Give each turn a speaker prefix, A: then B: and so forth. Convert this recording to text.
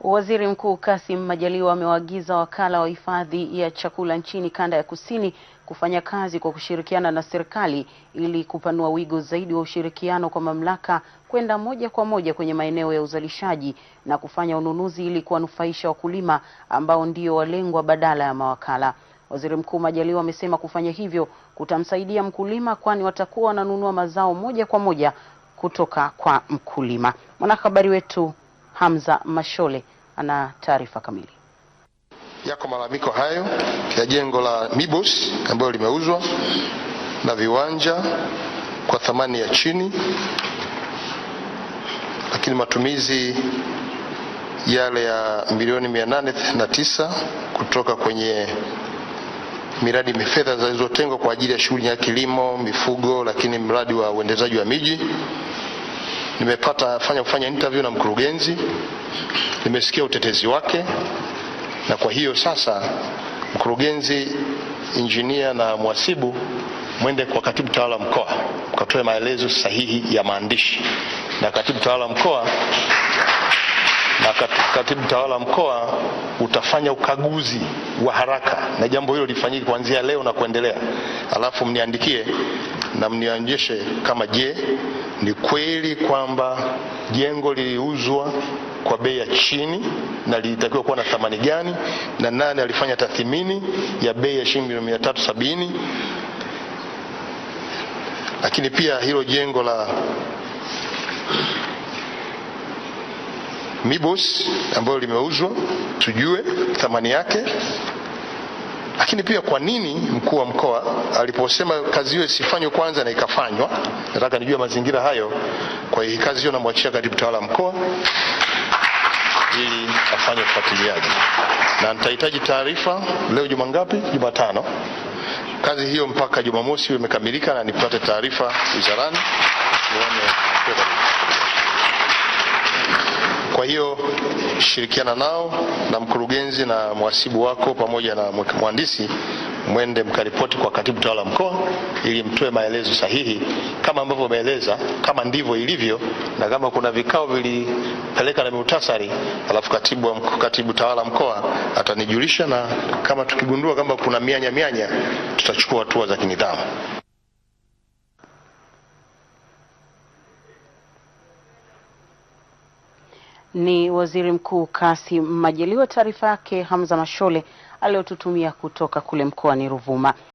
A: Waziri Mkuu Kassim Majaliwa amewaagiza wakala wa hifadhi ya chakula nchini kanda ya Kusini kufanya kazi kwa kushirikiana na serikali ili kupanua wigo zaidi wa ushirikiano kwa mamlaka kwenda moja kwa moja kwenye maeneo ya uzalishaji na kufanya ununuzi ili kuwanufaisha wakulima ambao ndio walengwa badala ya mawakala. Waziri Mkuu Majaliwa amesema kufanya hivyo kutamsaidia mkulima kwani watakuwa wananunua mazao moja kwa moja kutoka kwa mkulima. Mwanahabari wetu Hamza Mashole ana taarifa kamili.
B: Yako malalamiko hayo ya jengo la Mibos ambalo limeuzwa na viwanja kwa thamani ya chini, lakini matumizi yale ya milioni mia na tisa kutoka kwenye miradi fedha zilizotengwa kwa ajili ya shughuli ya kilimo, mifugo, lakini mradi wa uendezaji wa miji Nimepata fanya kufanya interview na mkurugenzi, nimesikia utetezi wake, na kwa hiyo sasa mkurugenzi, injinia na mwasibu mwende kwa katibu tawala mkoa mkatoe maelezo sahihi ya maandishi na katibu tawala mkoa na katibu tawala mkoa utafanya ukaguzi wa haraka, na jambo hilo lifanyike kuanzia leo na kuendelea, alafu mniandikie na mnionyeshe kama je ni kweli kwamba jengo liliuzwa kwa bei ya chini na lilitakiwa kuwa na thamani gani, na nani alifanya tathmini ya bei ya shilingi milioni mia tatu sabini. Lakini pia hilo jengo la Mibos ambalo limeuzwa tujue thamani yake. Lakini pia kwa nini mkuu wa mkoa aliposema kazi hiyo isifanywe kwanza na ikafanywa? Nataka nijue mazingira hayo. Kwa hiyo kazi hiyo namwachia katibu tawala mkoa ili afanye ufuatiliaji, na nitahitaji taarifa leo. Juma ngapi? Jumatano. Kazi hiyo mpaka Jumamosi imekamilika, na nipate taarifa wizarani nione hiyo shirikiana nao na mkurugenzi na mhasibu wako pamoja na mhandisi, mwende mkaripoti kwa katibu tawala mkoa ili mtoe maelezo sahihi kama ambavyo umeeleza, kama ndivyo ilivyo, na kama kuna vikao vilipeleka na muhtasari, alafu katibu, katibu tawala mkoa atanijulisha, na kama tukigundua kama kuna mianya mianya, tutachukua hatua za kinidhamu.
A: ni Waziri Mkuu Kassim Majaliwa. Taarifa yake Hamza Mashole aliyotutumia kutoka kule mkoani Ruvuma.